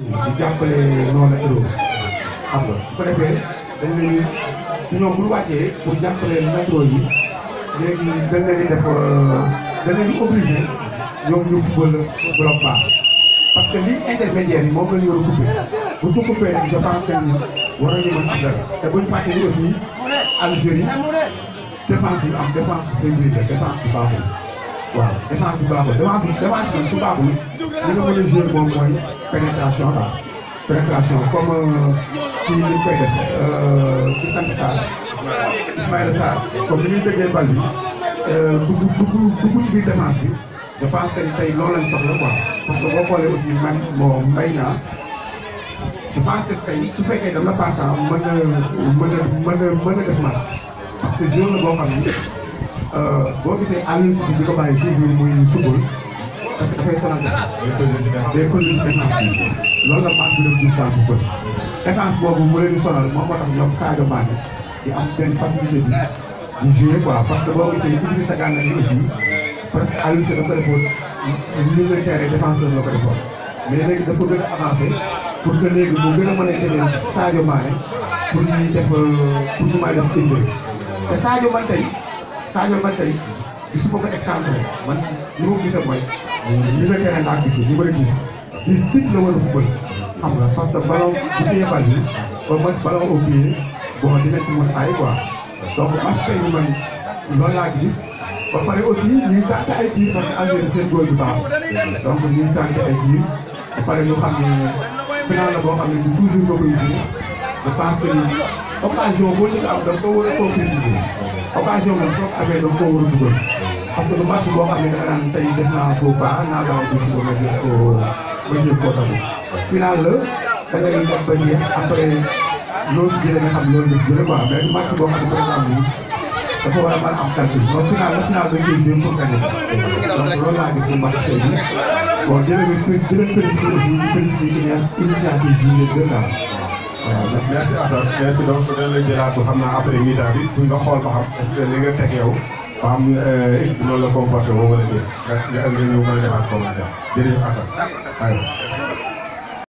di jàppale noonu ak loolu xam nga bu ko defee dañ leen di ñoom bu pour jàppale métro yi léegi dañ leen di def euh, dañ leen parce que ligne intermédiaire yi moom la ñu war a coupé bu ñu coupé je pense que war nañu mën te bu ñu fàtte aussi Algérie défense bi am défense sécurité défense waaw défense bu baaxul défense bi défense bi su baaxul li nga mën a moom mooy. pénétration la pénétration comme euh, euh, ci li ci sant Sarr Ismaïla Sarr comme ni ñuy déggee bal bi euh, dugg dugg dugg ci biir défense bi je pense que tey loolu lañ soxla quoi parce que boo xoolee aussi man moo mbay naa je pense que tey su fekkee dama partant mën a mën a mën a mën parce que jour la boo xam ni boo gisee àll si di ko bàyyi toujours muy football parce que dafay sonal des causes d'émergence loolu la Mate bi doon jur bu bëri. défense boobu moo tax ñoom Sadio Mané di am benn facilité bi di jouer quoi parce que boo gisee Idrissa Gana bi aussi presque Aliou Cissé dafa ko defoon milieu de terrain défenseur la ko defoon. mais léegi dafa gën a avancé pour que léegi mu gën a mën a jëlee Sadio Mané pour ñuy def pour te Sadio Mané tey Sadio gisuma ko excentré man li ma ko gisee mooy. ñu ne keneen laa gisee ñu mën a gis. la war a football. xam nga parce que ballon bu téye bal bi au moins ballon au pied bon dina ci mën ay quoi. donc match tey bi man loolu laa gis. ba pare aussi ñuy tànk ay tiir parce que seen góor baax. donc ñuy tànk ay tiir. ba pare ñu xam ne final la boo xam ne toujours nga koy je pense que ni occasion boo ñu ko am da nga koo war a concrétiser occasion boobu soo ko amee da nga koo war a dugal parce que match boo xam ne da nga naan tey def naa ko baax naa gaaw a gis ba ma jël koo ma jël a tabu final la da ngay def ba si nga xam loolu des jëlee quoi mais boo xam ne par exemple dafa war a mën a am calcul donc final la final da ngay jéem pour gagner donc loolu laa gis si match tey bi bon jërëjëf jërëjëf félicité aussi félicité initiative bi ñu leen gën waaw merci Assane merci donc dañ la jëlaat ba xam naa après mi-temps bi pour nga xool ba xam est-ce que li nga teg yow ba xam équipe bi noonu la comporté woo wala déet nga nga ñëw mën a demaat commentaire jërëjëf Assane.